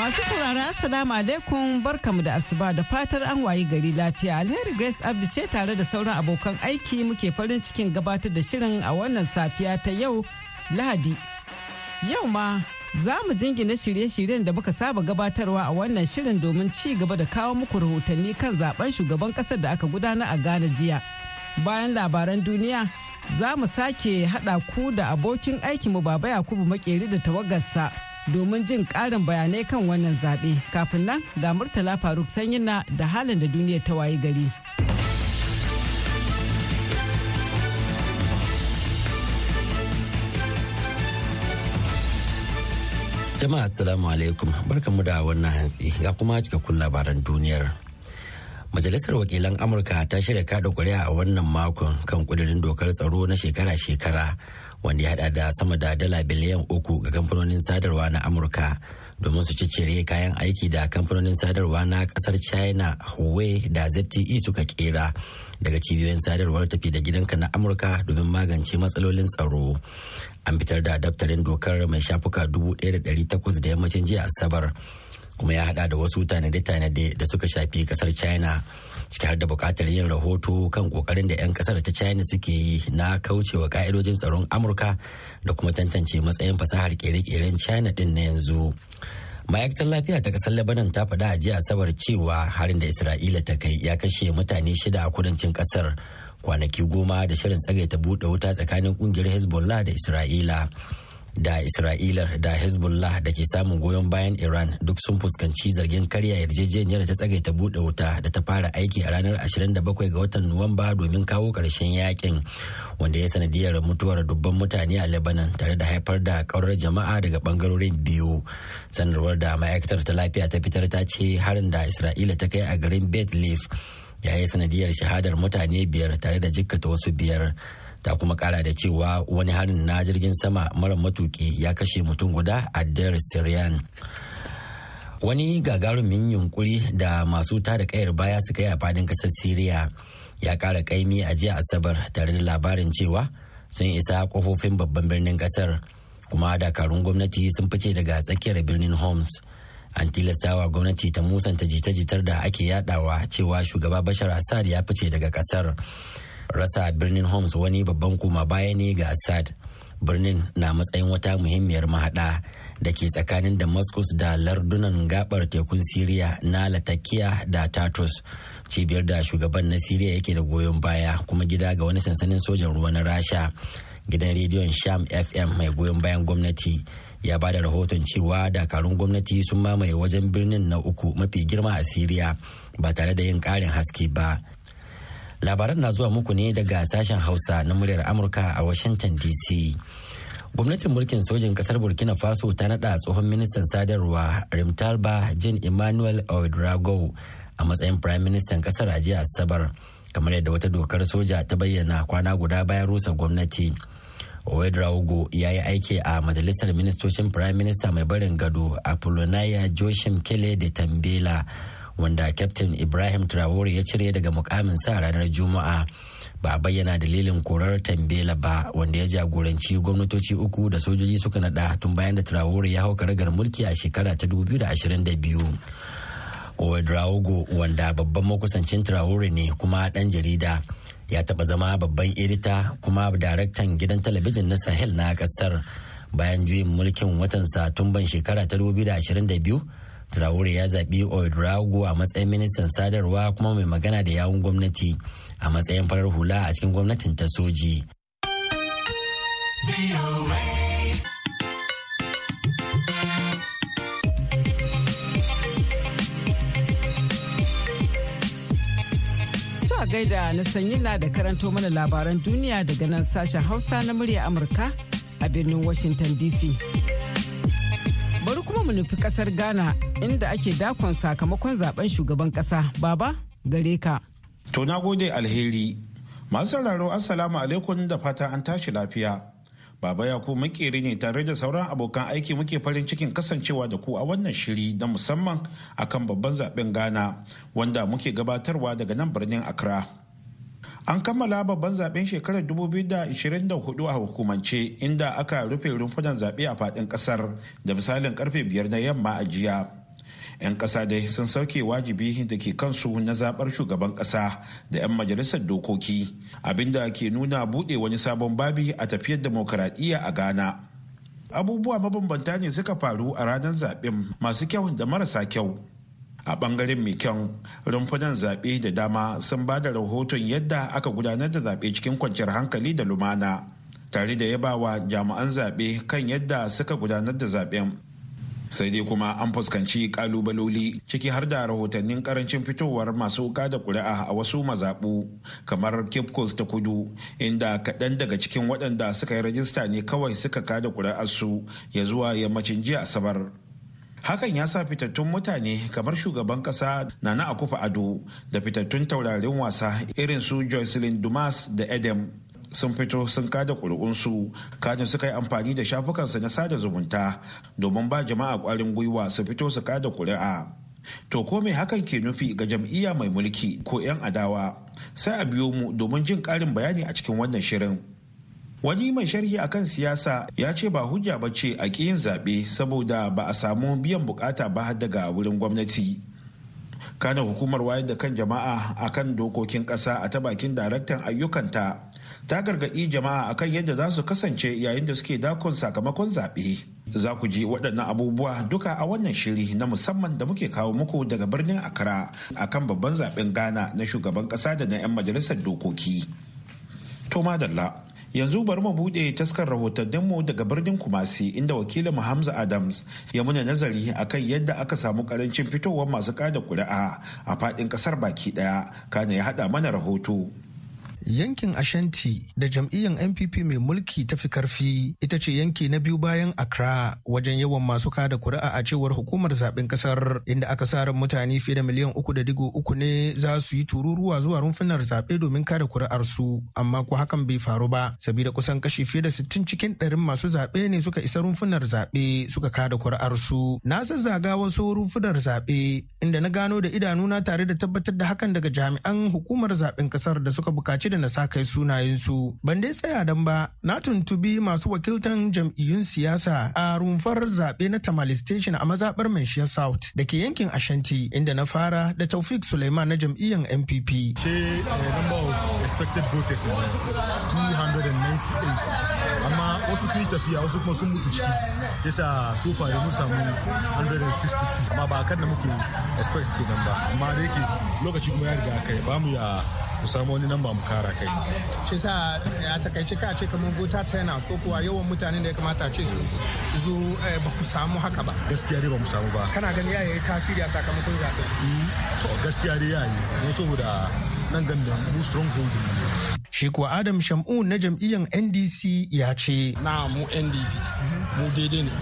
Masu saurara Assalamu alaikum barkamu da asuba da fatar an wayi gari lafiya alheri Grace Abdi ce tare da sauran abokan aiki muke farin cikin gabatar da shirin a wannan safiya ta yau Lahadi. Yau ma za mu jingina shirye-shiryen da muka saba gabatarwa a wannan shirin domin ci gaba da kawo muku rahotanni kan zaben shugaban kasar da aka gudana a Ghana jiya. Bayan labaran duniya za mu sake haɗa ku da abokin aikinmu Baba Yakubu Makeri da tawagarsa. domin jin ƙarin bayanai kan wannan zaɓe kafin nan ga murtala faruk sanyina da halin da duniyar ta wayi gari. Jama'a Assalamu alaikum barkamu da wannan hantsi ga kuma cikakkun labaran duniyar. Majalisar Wakilan Amurka ta shirya kaɗa kuri'a a wannan makon kan kudirin dokar tsaro na shekara-shekara wanda ya haɗa da sama da dala biliyan uku ga kamfanonin sadarwa na Amurka domin su cire kayan aiki da kamfanonin sadarwa na kasar China Huawei da ZTE suka kera daga cibiyoyin sadarwar tafi da gidanka na Amurka domin magance matsalolin tsaro. An fitar da daftarin dokar mai shafuka 1,800 da yammacin jiya Asabar. kuma ya hada da wasu tanade-tanade da suka shafi kasar china ciki har da bukatar yin rahoto kan kokarin da 'yan kasar ta china suke yi na kaucewa ka'idojin tsaron amurka da kuma tantance matsayin fasahar kere-keren china din na yanzu ma'aikatar lafiya ta kasar lebanon ta faɗa a jiya asabar cewa harin da isra'ila ta kai ya kashe mutane shida a kudancin kasar kwanaki goma da shirin tsagaita buɗe wuta tsakanin kungiyar hezbollah da isra'ila da isra'ilar da hezbollah da ke samun goyon bayan iran duk sun fuskanci zargin karya yarjejeniyar ta tsagaita buɗe wuta da ta fara aiki a ranar 27 ga watan nuwamba domin kawo ƙarshen yakin wanda ya sanadiyar mutuwar dubban mutane a lebanon tare da haifar da ƙaurar jama'a daga bangarorin biyu sanarwar da ma'aikatar ta lafiya ta fitar ta ce harin da isra'ila ta kai a garin beth leaf ya yi sanadiyar shahadar mutane biyar tare da jikkata wasu biyar ta kuma kara da cewa wani harin na jirgin sama mara matuki ya kashe mutum guda a dar syrian wani gagarumin yunkuri da masu tada kayar baya suka yi a fadin kasar syria ya kara kaimi a jiya asabar tare da labarin cewa sun isa kofofin babban birnin kasar kuma dakarun gwamnati sun fice daga tsakiyar birnin homs an tilastawa gwamnati ta musanta jita-jitar da ake yadawa cewa shugaba bashar assad ya fice daga kasar rasa birnin homs wani babban kuma baya ne ga assad birnin na matsayin wata muhimmiyar mahada da ke tsakanin damascus da lardunan gabar tekun siriya na latakia da tartus cibiyar da shugaban na siriya yake da goyon baya kuma gida ga wani sansanin sojan ruwa na rasha gidan rediyon sham fm mai goyon bayan gwamnati ya ba da rahoton cewa dakarun gwamnati sun mamaye wajen birnin na uku mafi girma a siriya ba tare da yin karin haske ba labaran na zuwa muku ne daga sashen hausa na muryar amurka a washington dc gwamnatin mulkin sojin kasar burkina faso ta nada tsohon ministan sadarwa rimtalba jin emmanuel ouedraogo a matsayin prime ministan kasar a jiya asabar kamar yadda wata dokar soja ta bayyana kwana guda bayan rusa gwamnati ouedraogo ya yi aiki a majalisar ministocin prime minister mai barin gado apollonia joshim kele de tambela wanda Captain Ibrahim Traore ya cire daga mukamin sa ranar Juma'a. Ba bayyana dalilin korar Tambela ba wanda ya jagoranci gwamnatoci uku da sojoji suka nada tun bayan da Traore ya hau karagar mulki a shekara ta 2022. Ouedraogo wanda babban makusancin Traore ne kuma ɗan jarida ya taɓa zama babban edita kuma daraktan gidan talabijin na Sahel na ƙasar bayan juyin mulkin watan Satumban shekara ta 2022 Traore ya zaɓi Oedrago a matsayin ministan sadarwa kuma mai magana da yawun gwamnati a matsayin farar hula a cikin gwamnatin ta soji. gaida na sanyi na da karanto mana labaran duniya daga nan sashen hausa na murya amurka a birnin washington dc mu nufi kasar Ghana inda ake dakon sakamakon zaben shugaban kasa. Baba gare ka. To na gode alheri. Masu sauraro Assalamu alaikum da fata an tashi lafiya. Baba ya ku makeri ne tare da sauran abokan aiki muke farin cikin kasancewa da ku a wannan shiri na musamman akan babban zaben Ghana wanda muke gabatarwa daga nan birnin Accra. An kammala babban zaben shekarar 2024 a hukumance inda aka rufe rumfunan zaɓe a faɗin ƙasar da misalin karfe biyar na yamma a jiya. 'Yan ƙasa dai sun sauke wajibi da ke kansu na zaɓar shugaban ƙasa da 'yan majalisar dokoki abinda ke nuna buɗe wani sabon babi a tafiyar demokaradiyya a Ghana. Abubuwa mabambanta ne suka faru a ranar zaɓen masu kyau da marasa kyau. a bangaren mekong rumfunan zaɓe da dama sun ba da rahoton yadda aka gudanar da zaɓe cikin kwanciyar hankali da lumana tare da yabawa jami'an zaɓe kan yadda suka gudanar da zaɓen sai dai kuma an fuskanci kalubaloli ciki har da rahotannin karancin fitowar masu wuka da kuri'a a wasu mazaɓu kamar cape coast ta kudu inda kaɗan daga cikin waɗanda suka yi rajista ne kawai suka kada su ya zuwa yammacin jiya asabar hakan ya sa fitattun mutane kamar shugaban kasa nana akufa ado da fitattun taurarin wasa irin su jocelyn dumas da edem sun fito sun kada ƙuri'unsu kajin suka yi amfani da shafukansu na sada zumunta domin ba jama'a kwarin gwiwa su fito su kada ƙuri'a to ko me hakan ke nufi ga jam'iyya mai mulki ko 'yan adawa sai a biyo mu domin jin ƙarin bayani a cikin wannan shirin wani mai sharhi akan siyasa ya ce ba hujja ba ce a ƙiyin zaɓe saboda ba a samu biyan bukata ba daga wurin gwamnati kana hukumar wayar da kan jama'a akan dokokin ƙasa a ta bakin daraktan ayyukanta ta gargaɗi jama'a akan yadda za su kasance yayin da suke dakon sakamakon zaɓe za ku ji waɗannan abubuwa duka a wannan shiri na musamman da muke kawo muku daga birnin a akan babban zaɓen ghana na shugaban ƙasa da na 'yan majalisar dokoki to madalla yanzu bari mu buɗe taskar rahotanninmu daga birnin kumasi inda wakilin hamza adams ya muna nazari akan yadda aka samu karancin fitowar masu kada kuri'a a faɗin ƙasar baki ɗaya kana ya haɗa mana rahoto yankin ashanti da jam'iyyar npp mai mulki ta fi karfi ita ce yanki na biyu bayan accra wajen yawan masu kada kuri'a a cewar hukumar zaben kasar inda aka sa ran mutane fiye da miliyan uku da digo uku ne za su yi tururuwa zuwa rumfunar zaɓe domin kada kuri'ar su amma ko hakan bai faru ba sabida kusan kashi fiye da sittin cikin ɗarin masu zaɓe ne suka isa rumfunar zaɓe suka kada kuri'ar su na zazzaga wasu rumfunar zaɓe inda na gano da idanuna tare da tabbatar da hakan daga jami'an hukumar zaben kasar da suka buƙaci shida na sa kai sunayensu. Ban dai tsaya dan ba, na tuntubi masu wakiltan jam'iyyun siyasa a rumfar zaɓe na Tamale Station a mazaɓar Manshiya South da ke yankin Ashanti inda na fara da Taufik Suleiman na jam'iyyar NPP. She uh, number of expected voters 298. amma wasu sun yi tafiya wasu kuma sun mutu ciki yasa su fari mun samu 160 amma ba kan da muke expect kenan ba amma da yake lokaci kuma ya riga kai ba mu ya ku samu wani namba mu kara kai shi sa a takaice ka ce kamar voter turnout ko kuwa yawan mutanen da ya kamata ce su su zo eh, ba ku samu haka ba gaskiya ne ba mu samu ba kana gani yayi tasiri a sakamakon zaɓe mm. to gaskiya ne yayi ne saboda nan da mu stronghold ne shi kuwa adam shamu na jam'iyyar ndc ya ce na mu ndc mu daidai ne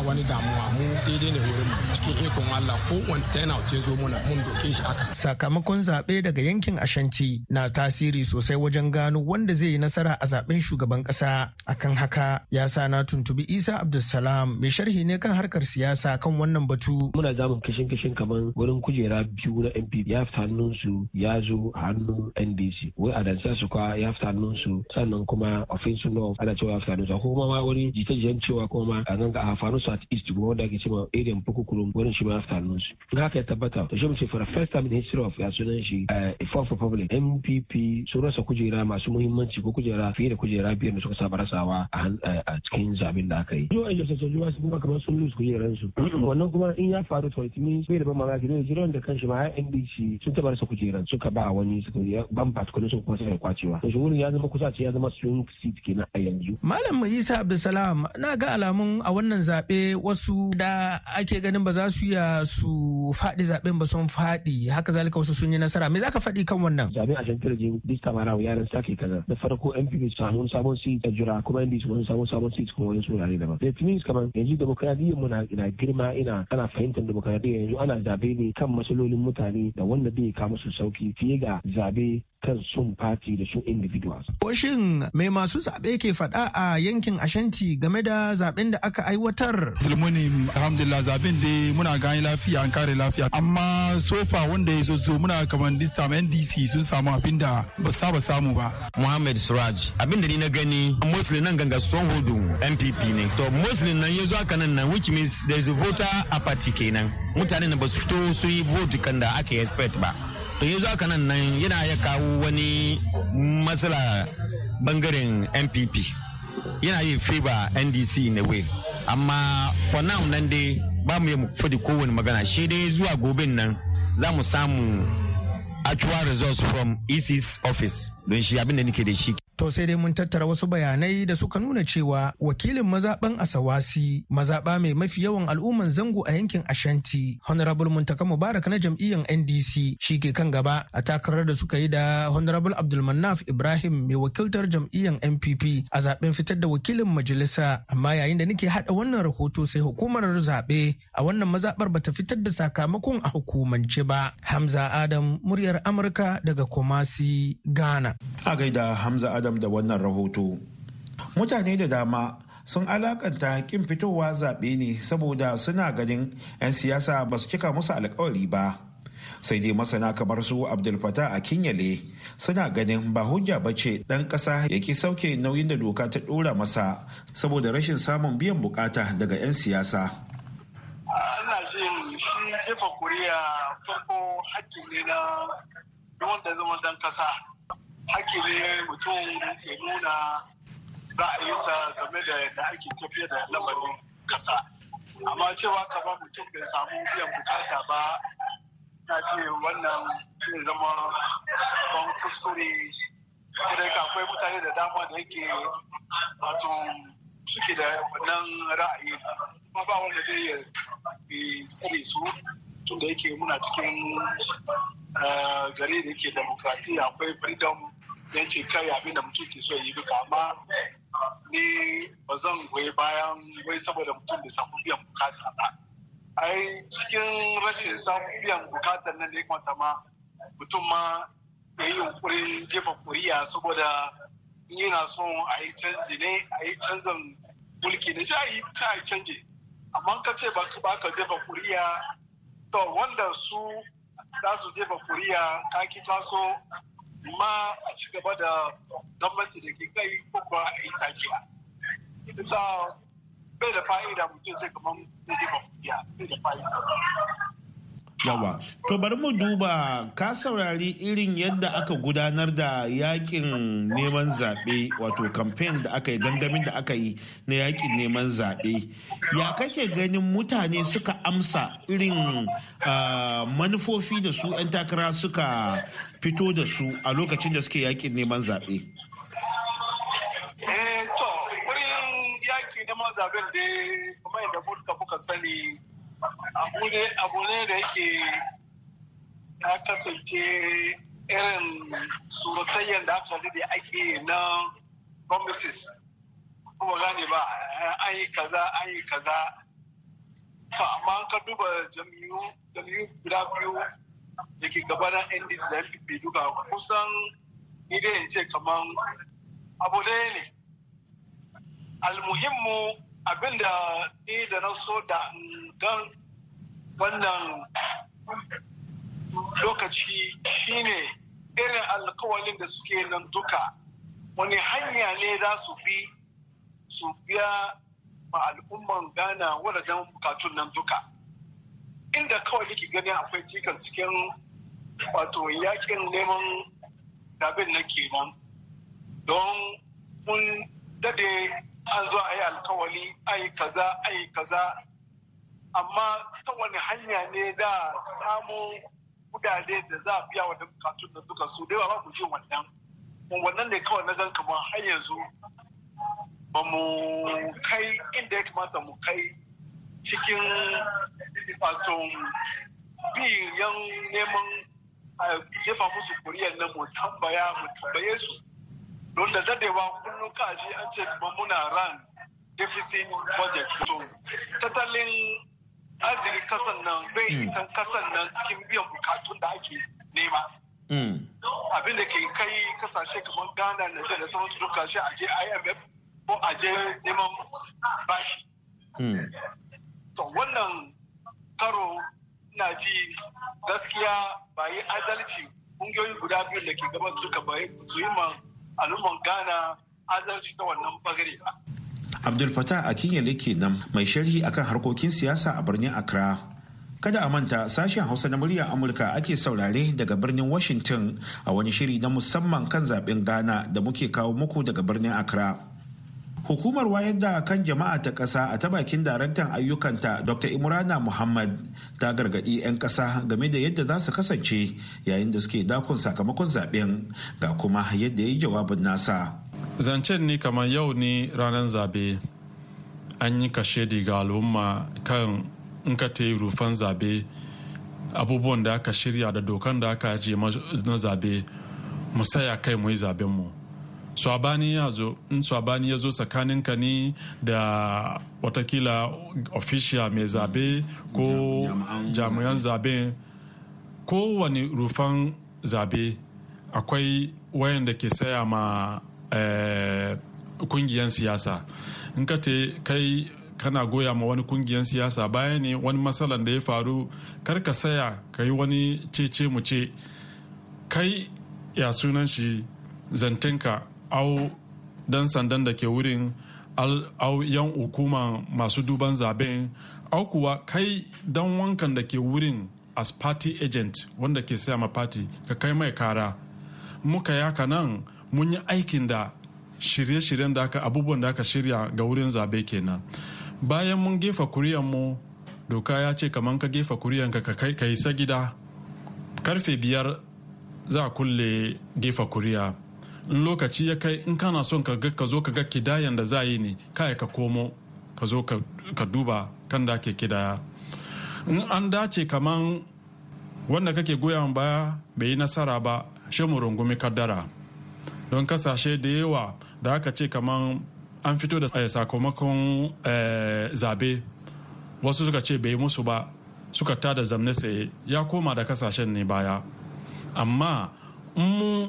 wani damuwa mu daidai ne wurin mu cikin ikon Allah ko wanda yana ce zo muna mun doke shi haka sakamakon zaɓe daga yankin Ashanti na tasiri sosai wajen gano wanda zai yi nasara a zaɓen shugaban ƙasa akan haka ya sa na tuntubi Isa Abdulsalam mai sharhi ne kan harkar siyasa kan wannan batu muna zamun kishin kishin kaman wurin kujera biyu na MP ya fita hannun su ya zo hannun NDC wai a dansa su kwa ya fita hannun su sannan kuma ofinsu law ana cewa ya fita hannun su kuma ma wani jita-jitan cewa kuma a ganga a hafanu south east wanda ake cewa area boko kurum wurin shi ma afternoon su in haka ya tabbata to shi for the first time in history of ya sunan shi for eh, for public MPP sun rasa kujera masu muhimmanci ko kujera fiye da kujera biyar da suka saba rasawa a eh, cikin zaben da aka yi. Yau a yasa sojoji wasu kuma kamar sun lose kujeran su. Wannan kuma in ya faru to it means bai da ban mamaki ne jiran da kanshi ma ya NDC sun taba rasa kujeran suka ba wani suka ban particular sun kuma sai kwacewa. To shi wurin ya zama kusa ce ya zama swing seat kenan a yanzu. Malam isa Abdulsalam na ga alamun a wannan zaɓe zaɓe wasu da ake ganin ba za su iya su faɗi zaɓen ba sun faɗi haka zalika wasu sun yi nasara me za ka faɗi kan wannan. zaɓen a shan tarjin lista mara wa yaran sake kaza da farko npp su samu sabon seat a jura kuma ndc wani samu sabon seat kuma wani surare daban. da tunis kamar yanzu demokradiyyar mu na girma ina ana fahimtar demokradiyyar yanzu ana zaɓe ne kan matsalolin mutane da wanda bai kawo musu sauki fiye ga zaɓe kan sun fati da su individuals. Koshin mai masu zaɓe ke faɗa a yankin Ashanti game da zaɓen da aka aiwatar? Tulmuni alhamdulillah zaɓen da muna gani lafiya an kare lafiya amma sofa wanda ya zo muna kamar this time NDC sun samu abin da ba saba samu ba. Muhammad Suraj abin da ni na gani Muslim nan ganga son hudu MPP ne. To Muslim nan ya zo aka nan nan which means there is a voter apathy kenan. Mutanen da ba su fito su yi vote kan da aka expect ba. to yanzu haka nan nan yana ya kawo wani matsala bangaren npp yana yi fiba ndc na way amma for now nan dai ba mu yi fadi kowane magana shi dai zuwa gobe nan za mu samu actual results from ec's office don shi abin da nake da shi. To sai dai mun tattara wasu bayanai da suka nuna cewa wakilin mazaɓan Asawasi mazaɓa mai mafi yawan al'umman zango a yankin Ashanti Honorable Muntaka Mubarak na jam'iyyar NDC shi ke kan gaba a takarar da suka yi da Honorable Abdulmanaf Ibrahim mai wakiltar jam'iyyar NPP a zaben fitar da wakilin majalisa amma yayin da nake hada wannan rahoto sai hukumar zaɓe a wannan mazaɓar bata fitar da sakamakon a hukumance ba. Hamza Adam muryar Amurka daga Kumasi Ghana. A gaida Hamza Adam da wannan rahoto. Mutane da dama sun alakanta hakkin fitowa zaɓe ne saboda suna ganin 'yan siyasa ba su cika musu alkawari ba. Sai dai masana kamar su Abdulfata a Kinyale suna ganin ba hujja ba ce ɗan ƙasa ya ki sauke nauyin da doka ta ɗora masa saboda rashin samun biyan bukata daga 'yan siyasa. Ana jin shi jefa kuriya farko hakkin ne na wanda zama ɗan ƙasa. haƙƙi ne mutum ya nuna ra'ayinsa game da yadda ake tafiya da lamarin kasa, amma cewa kamar mutum bai samu biyan bukata ba na ce wannan zai zama ban kuskure kira ka akwai mutane da dama da yake wato suke da wannan ra'ayi kuma ba wanda zai ya tsare su tunda yake muna cikin eh, gari da yake demokratiya akwai freedom ya ce kai abin da mutum ke so yi duka amma ni ba zan goyi bayan wai saboda mutum da samu biyan bukata ba ai cikin rashin samun biyan bukatar nan da ya kwanta ma mutum ma ya yi yunkurin jefa kuriya saboda yana son a yi canji ne a yi canzan mulki ne sai a yi canji amma ka ce ba ka jefa kuriya to wanda su za su jefa kuriya ka ki taso ma a ci gaba da gwamnati da ke kai ko a yi sakiya isa bai da fa'ida mutum zai kamar zai ba bai da fa'ida yawa to bari mu duba ka saurari irin yadda aka gudanar da yakin neman zaɓe wato kamfen da aka yi gangamin da aka yi na yakin neman zaɓe ya kake ganin mutane suka amsa irin manufofi da su 'yan takara suka fito da su a lokacin da suke yakin neman zaɓe eh, neman zaben da kuma yadda kuka sani abu ne da yake ya kasance irin surutayyar da aka da ake na promises kuma gane ba an yi kaza an yi kaza to amma ka duba Jamiu, guda biyu da ke gabanin indies da mpp duka kusan in ce kamar abu ɗaya ne almuhimmu abinda ni da na so da don wannan lokaci shine irin alkawalin da suke nan duka wani hanya ne za su bi su biya ma al'umman ghana wadannan bukatun nan duka inda kawai yake gani akwai cikas cikin wato yakin neman dabin na kenan don mun dade an zo a yi alkawali a kaza ayi kaza amma ta wani hanya ne da samun kudade da za a biya wani bukatun da duka su da ba ku ji wannan wannan ne kawai na gan kamar har yanzu ba mu kai inda ya kamata mu kai cikin waton biyan neman a jefa musu kuriyar na mu tambaya mu tambaye su don da dadewa kullum kaji an ce kuma muna ran deficit budget to tattalin arzikin kasan nan bai hmm. isan kasan nan cikin biyan bukatun da ake nema. Hmm. Abin da ke kai kasashe kamar Ghana, Najeriya da sama su duka shi aje IMF ko aje neman bashi. Hmm. To wannan karo na ji gaskiya ba yi adalci kungiyoyi guda biyu da ke gaban duka ba su yi ma al'umman Ghana adalci ta wannan bagare ba. abdul Fattah fatah ke nan mai sharhi akan harkokin siyasa a birnin accra kada a manta sashen hausa na murya amurka ake saurare daga birnin washington a wani shiri na musamman kan zaben ghana da muke kawo muku daga birnin accra hukumar wayar da kan jama'a ta ƙasa a ta bakin daraktan ayyukanta dr imrana muhammad ta gargaɗi 'yan ƙasa game da yadda za su kasance yayin da suke dakon sakamakon zaɓen, ga kuma yadda ya yi jawabin nasa zancen ne kamar yau ne ranar zabe an yi kashe ga al'umma kan in ka ta rufan zabe abubuwan da aka shirya da dokan da aka je na zabe mu saya kai mu yi mu swabani ya zo in swabani ya zo tsakanin ka ni da watakila official mai zabe ko jami'an zabe kowane rufan zabe akwai wayan da ke saya ma Eh, kungiyan siyasa in ka te kai kana goya ma wani kungiyan siyasa baya ne wani matsalan da ya faru kar ka saya ka yi wani cece mu ce kai ya sunan shi zantinka au dan sandan da ke wurin au yan hukuma masu duban zaben au kuwa kai dan wankan da ke wurin as party agent wanda ke saya ma party ka kai mai kara muka yaka nan mun yi aikin da shirye-shiryen da aka abubuwan da aka shirya ga wurin zabe kenan bayan mun gefa mu doka ya ce kamar ka gefa kuriyan ka ka isa gida karfe biyar za a kulle gefa kuriya in lokaci ya kai in kana son ka zo ka ga kidayan da za yi ne kai ka komo ka zo ka duba kan da ke kidaya in an dace kaman wanda kake goyon baya bai yi nasara ba shi mu rungumi kaddara don kasashe da yawa da aka ce kamar an fito da eh, sakamakon eh, zabe wasu suka ce bai musu ba suka ta da zamne saye ya koma da kasashen ne baya amma mu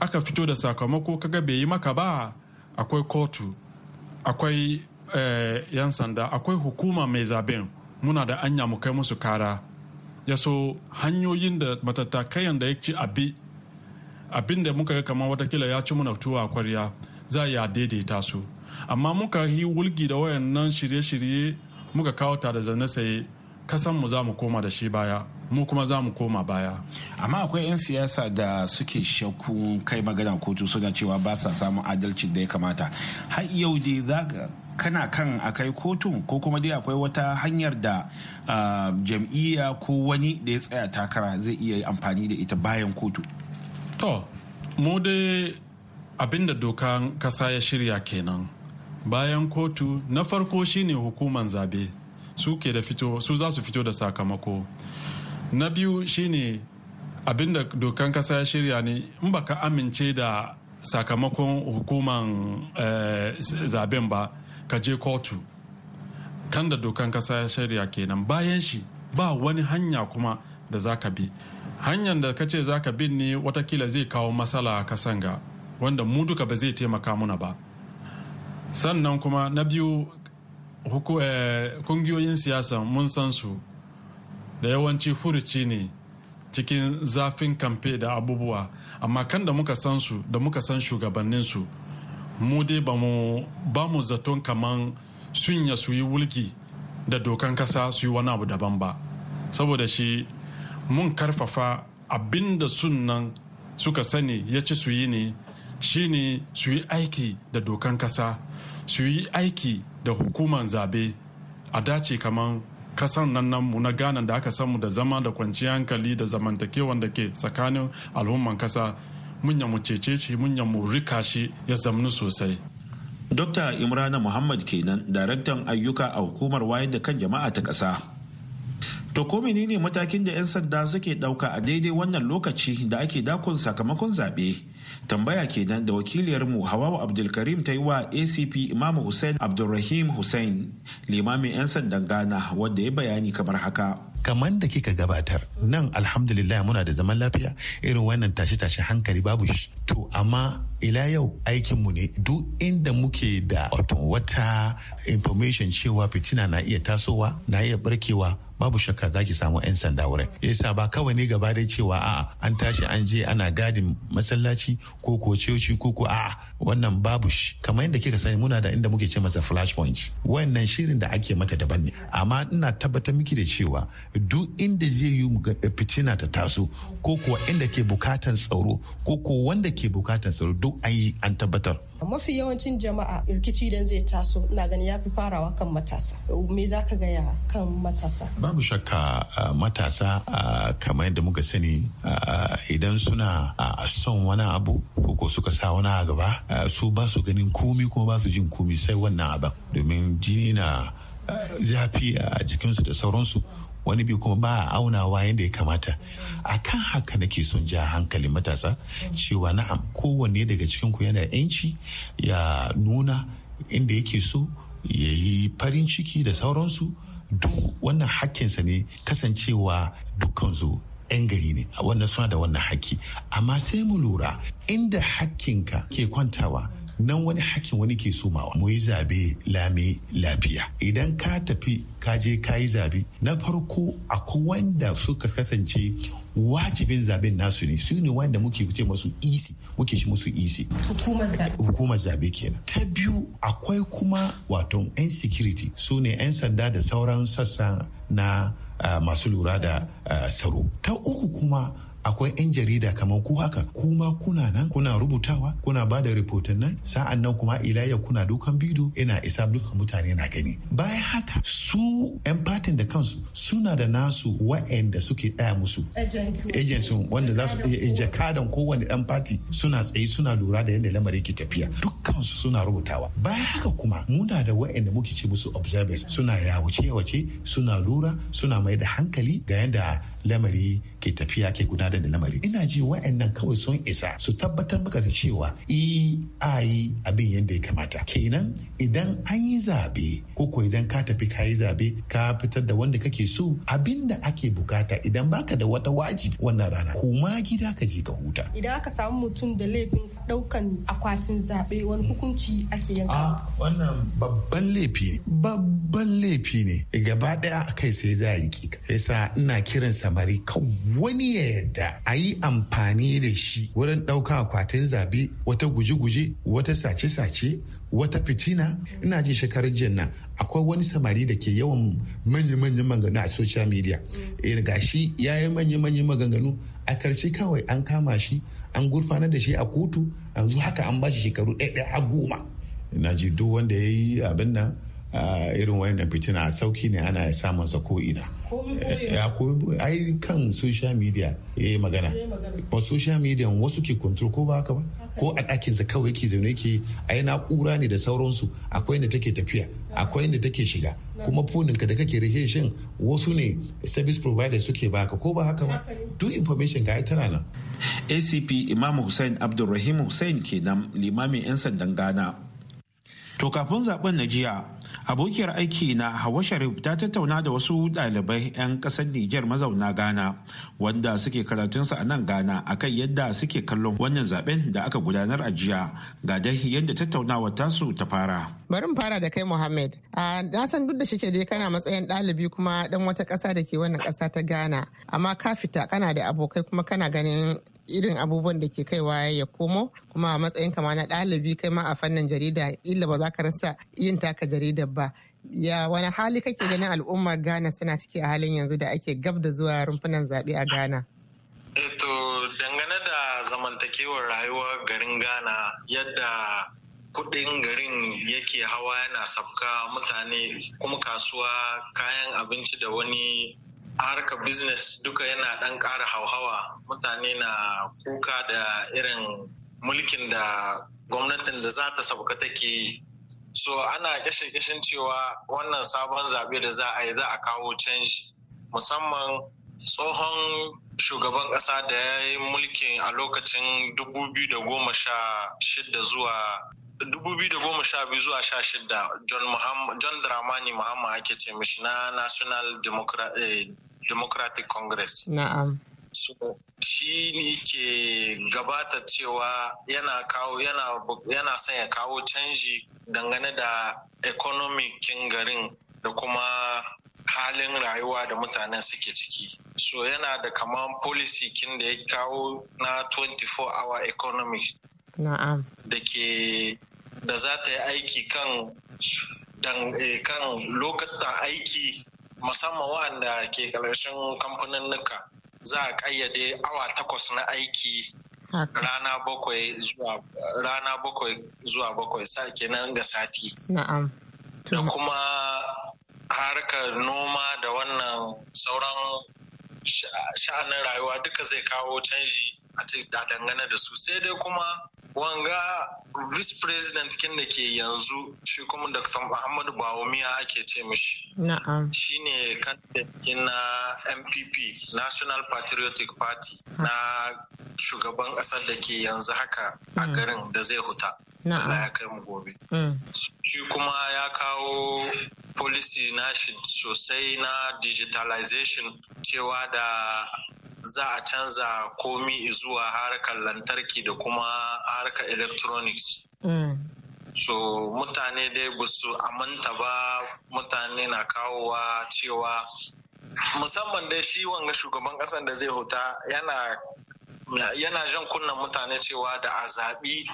aka fito da sakamako kaga bai yi maka ba akwai kotu akwai eh, yan sanda akwai hukuma mai zaben muna da anya mu kai musu kara ya so hanyoyin da matattakayan da ya ci abi abin da muka ga kamar watakila ya ci muna tuwa kwarya za ya daidaita su amma muka yi wulgi da wayannan shirye-shirye muka kawo ta da zane saye kasan mu za mu koma da shi baya mu kuma za mu koma baya amma akwai 'yan siyasa da suke shakku kai magana kotu suna cewa ba sa samun adalci da ya kamata har yau dai za kana kan akai kotun ko kuma dai akwai wata hanyar da ah, jam'iyya ko wani da ya tsaya takara zai iya amfani da ita bayan kotu to mu dai abinda dokan kasa ya shirya kenan bayan kotu na farko shine hukuman zabe su ke da fito su za su fito da sakamako na biyu shine abinda dokan kasa ya shirya ne in baka amince da sakamakon hukuman eh, zaben ba ka je kotu kan da dokan kasa ya shirya kenan bayan shi ba wani hanya kuma da za ka bi hanyar da kace ce za ka bin ne watakila zai kawo matsala a kasanga wanda mu duka ba zai taimaka muna ba sannan kuma na biyu eh, kungiyoyin siyasa mun san su da yawanci furuci ne cikin zafin kamfe da abubuwa amma kan da muka san su da muka san shugabanninsu mu dai ba mu zaton kaman sunya su yi wulki da dokan kasa su yi wani abu daban ba saboda shi mun karfafa abin da sunan suka sani ya ci su yi ne shine su yi aiki da dokan kasa su yi aiki da hukuman zabe a dace kamar kasan nan nan mu na gana da aka mu da zama da kwanciyar hankali da zamantakewan da ke tsakanin al'umman kasa munya mu cece shi munya mu rika shi ya zamnu sosai dr imrana muhammad kenan daraktan ayyuka a hukumar wayar da kan jama'a ta kasa To ko menene matakin da 'yan sanda suke ɗauka a daidai wannan lokaci da ake dakon sakamakon zaɓe? Tambaya kenan da wakiliyarmu Hawawa Abdulkarim ta yi wa ACP Imam Hussein Abdulrahim Hussein, limamin 'yan sandan Ghana, wanda ya bayani kamar haka. kamar da kika gabatar nan alhamdulillah muna da zaman lafiya irin wannan tashe-tashe hankali babu shi to amma ila yau aikinmu ne duk inda muke da wata information cewa fitina na iya tasowa na iya barkewa babu shakka zaki samu 'yan sanda wurin yasa ba kawai ne gaba dai cewa a'a an tashi an je ana gadin masallaci ko ko coci ko ko a'a wannan babu shi kamar yadda kika sani muna da inda muke ce masa flash point wannan shirin da ake mata daban ne amma ina tabbatar miki da cewa duk inda zai yi fitina ta taso ko kuwa inda ke bukatan tsaro ko ko wanda ke bukatan tsaro duk an yi an tabbatar mafi yawancin jama'a rikici idan zai taso na gani ya fi farawa kan matasa me za ka gaya kan matasa babu shakka matasa kamar yadda muka sani idan suna son wani abu ko suka sa wani a gaba su ba su ganin komi kuma ba su jin komi sai wannan abin domin jini na zafi a jikinsu da sauransu wani bi kuma ba a aunawa yadda ya kamata a kan haka nake son ja hankali matasa cewa na'am kowanne daga cikin ku yana yanci ya nuna inda yake so ya yi farin ciki da sauransu duk wannan hakkinsa ne kasancewa dukkansu 'yan gari ne wannan suna da wannan hakki amma sai mu lura inda hakkinka ke kwantawa nan wani hakkin wani ke sumawa. mu yi zabe lami lafiya idan ka tafi ka je ka yi zabe na farko akwai wanda suka kasance wajibin zaben nasu ne su ne wanda muke kuce masu isi e muke shi musu isi hukumar zabe kenan ta biyu akwai kuma wato yan security su ne yan sanda da sauran sassa na ah, masu lura da ah, tsaro ta uku kuma akwai 'yan jarida kamar ku haka kuma kuna nan kuna rubutawa kuna ba da rahoton nan sa'an nan kuma ilayya kuna dukan bido ina isa dukan mutane na gani bayan haka su 'yan fatin da kansu suna da nasu wa'anda suke ɗaya musu agency wanda za su iya kadan kowane 'yan fati suna tsaye suna lura da yadda lamarin ke tafiya dukkansu suna rubutawa bayan haka kuma muna da wa'anda muke ce musu observers suna yawace-yawace suna lura suna mai da hankali ga yadda lamari ke tafiya ke gudanar da lamari ina ji wa'annan kawai sun isa su tabbatar maka da cewa i a yi abin yadda ya kamata kenan idan an yi zabe ko ko idan ka tafi ka yi zabe ka fitar da wanda kake so abin da ake bukata idan baka da wata waji wannan rana kuma gida ka je ka huta idan aka samu mutum da laifin daukan akwatin zabe wani hukunci ake yanka wannan babban laifi ne babban laifi ne gaba daya kai sai za a riƙe ka yasa ina kiran samari kawai wani ya yarda da a yi amfani da shi wurin ɗauka akwatin zabe wata guje-guje wata sace-sace wata fitina ina ji shekarar jiya nan akwai wani samari da ke yawan manya-manyan maganganu a social media mm. eh ga shi ya yi manya-manyan maganganu a karshe kawai an kama shi an gurfanar da shi a kotu yanzu haka an bashi shekaru ɗaya a goma ina ji duk wanda ya yi abin nan ah, irin wannan fitina a sauki ne ana samun sa ko ina Eh, a komi boye ai kan social media ya yi magana ba social media wasu ke control ko ba haka ba ko a sa kawai yake zaune yake ai na'ura ne da sauransu akwai inda take tafiya akwai inda take shiga kuma foninka da kake rike shin wasu ne service provider suke baka ko ba haka ba duk information ga tana nan acp imam hussein abdulrahim hussein kenan limamin 'yan sandan ghana to kafin zaben na jiya abokiyar aiki na hawa sharif ta tattauna da wasu dalibai 'yan ƙasar niger mazauna ghana wanda suke karatunsa a nan ghana akan yadda suke kallon wannan zaben da aka gudanar a jiya ga dai yadda tattaunawa tasu ta fara bari mu fara da kai Mohammed. na san duk da shike dai kana matsayin dalibi kuma dan wata ƙasa da ke wannan kasa ta Ghana. Amma ka fita kana da abokai kuma kana ganin irin abubuwan da ke kaiwa ya komo kuma a matsayin kama na ɗalibi kai ma a fannin jarida illa ba za ka rasa yin taka jaridar ba ya wani hali kake ganin al'ummar ghana suna ciki a halin yanzu da ake gab da zuwa rumfunan zaɓe a ghana eto eh dangane da zamantakewar rayuwar garin ghana yadda kudin garin yake hawa yana sabka mutane kuma kasuwa kayan abinci da wani a harkar business duka yana ɗan ƙara hauhawa mutane na kuka da irin mulkin da gwamnatin da za ta sauka take yi so ana kashe kishin cewa wannan sabon zaɓe da za a yi za a kawo canji musamman tsohon shugaban ƙasa da ya yi mulkin a lokacin 2016 zuwa 2012 zuwa 16 John John Dramani Muhammad ake ce mishi na National eh, Democratic Congress. Na'am. So shi ne ke gabata cewa yana kawo yana yana son ya kawo canji dangane da economic garin da kuma halin rayuwa da mutanen suke ciki. So yana da kaman policy kin da ya kawo na 24 hour economy. Na'am. Da ke da za ta yi aiki kan eh, kan lokutan aiki musamman waɗanda ke ƙarshen kamfanin nuka za a ƙayyade awa takwas na aiki rana bakwai zuwa rana bakwai zuwa bakwai sa kenan ga sati na'am da kuma harkar noma da wannan sauran sha'anin rayuwa duka zai kawo canji a dangane da su sai dai kuma wanga vice president kin da ke yanzu shi kuma dr muhammadu bawumiya ake ce mishi shi ne na mpp national patriotic party ah. na shugaban kasar da ke yanzu haka a mm. garin da zai huta Allah ya kai mu gobe mm. shi kuma ya kawo policy na shi sosai na digitalization cewa da za a canza komi zuwa harkar lantarki da kuma harkar electronics. Mm. So mutane dai ba su aminta ba mutane na kawowa cewa musamman dai shi wanga shugaban kasan da zai huta yana yana jan kunnan mutane cewa da a zaɓi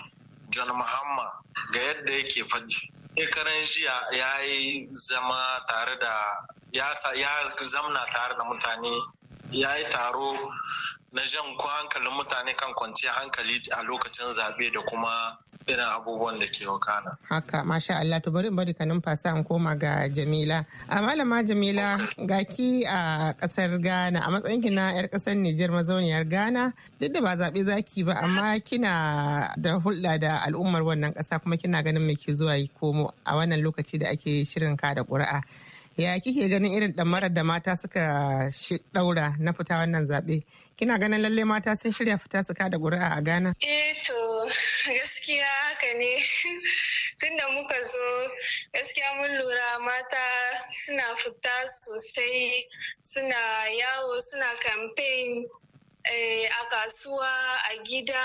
John Mahama ga yadda yake faɗi. Shekaran jiya ya yi zama tare da ya zamna tare da mutane ya yi taro na jan kwa hankalin mutane kan kwanciyar hankali a lokacin zaɓe da kuma irin abubuwan da ke wakana. Haka, masha Allah, to bari bari ka numfasa an koma ga Jamila. A malama Jamila, ga ki a ƙasar Ghana, a matsayin ki na 'yar ƙasar Nijar mazauniyar Ghana, duk da ba zaɓe zaki ba, amma kina da hulɗa da al'ummar wannan ƙasa kuma kina ganin me ke zuwa yi komo a wannan lokaci da ake shirin ka da ƙuri'a. ya kike ganin irin ɗamarar da mata suka ɗaura na fita wannan zaɓe kina ganin lalle mata sun shirya fita su kada ƙuri'a a ghana e to gaskiya haka ne tunda muka zo gaskiya mun lura mata suna fita sosai suna yawo suna campaign eh, a kasuwa a gida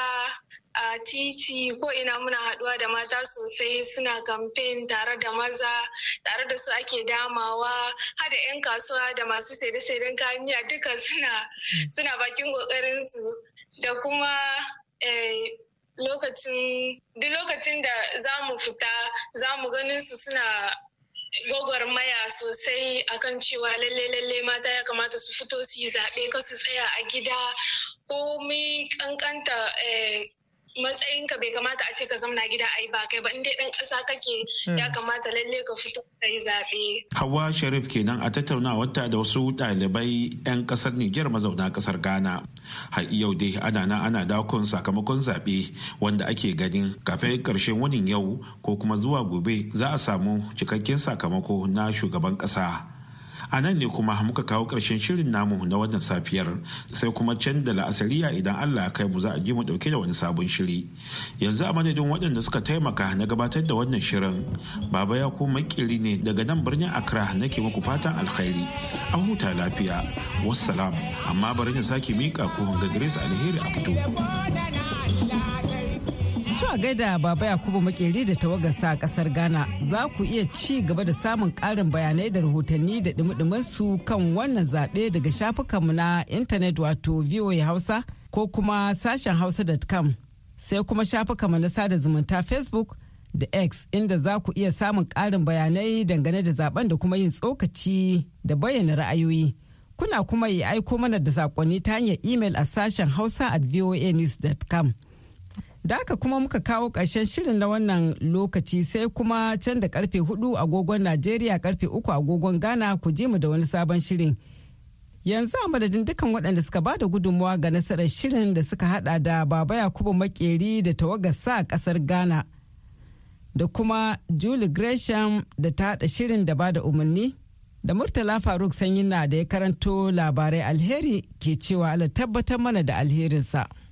a titi ko ina muna haɗuwa da mata sosai suna kamfen tare da maza tare da su ake damawa hada 'yan kasuwa da masu saide-saiden kamiya duka suna mm. bakin kokarin su da kuma eh, lokacin duk lokacin da za mu fita za mu ganin su suna maya sosai akan cewa lalle lalle mata ya kamata su fito su yi zaɓe ka su tsaya a gida ko komai kankanta eh, matsayin ka bai kamata a ce ka zamna gida ai ba kai ba in dai dan kasa kake hmm. ya kamata lalle ka fito ka yi zaɓe. Hawa Sharif kenan a tattaunawar ta da wasu ɗalibai 'yan ƙasar Nijar mazauna ƙasar Ghana. Har yau dai ana na ana dakon sakamakon zaɓe wanda ake ganin kafin karshen wani yau ko kuma zuwa gobe za a samu cikakken sakamako na shugaban ƙasa. a nan ne kuma muka kawo ƙarshen shirin namu na wannan safiyar sai kuma can da la'asariya idan allah kai mu za a ji mu dauke da wani sabon shiri yanzu a madadin waɗanda suka taimaka na gabatar da wannan shirin baba ya kuma makiri ne daga nan birnin accra nake muku fatan alkhairi a huta lafiya wassalam amma bari na sake miƙa ku ga grace alheri abdu To gaida Baba Yakubu Makeri da tawagarsa a kasar Ghana za ku iya ci gaba da samun ƙarin bayanai da rahotanni da ɗimiɗimin su kan wannan zaɓe daga shafukanmu na intanet wato VOA Hausa ko kuma sashen hausa.com sai kuma shafukanmu na sada zumunta Facebook da X inda za ku iya samun ƙarin bayanai dangane da zaben da kuma yin tsokaci da bayyana ra'ayoyi. Kuna kuma yi aiko mana da saƙonni ta hanyar email a sashen hausa at voanews.com. Da aka kuma muka kawo ƙarshen shirin na wannan lokaci sai kuma can da karfe hudu agogon Najeriya karfe uku agogon Ghana ku je mu da wani sabon shirin. Yanzu a madadin dukkan waɗanda suka ba da gudunmawa ga nasarar shirin da suka hada da Baba Yakubu Makeri da tawagar sa ƙasar Ghana. Da kuma Julie Gresham da ta haɗa shirin da ba da umarni. Da Murtala Faruk sanyi na da ya karanto labarai alheri ke cewa ala tabbatar mana da alherinsa.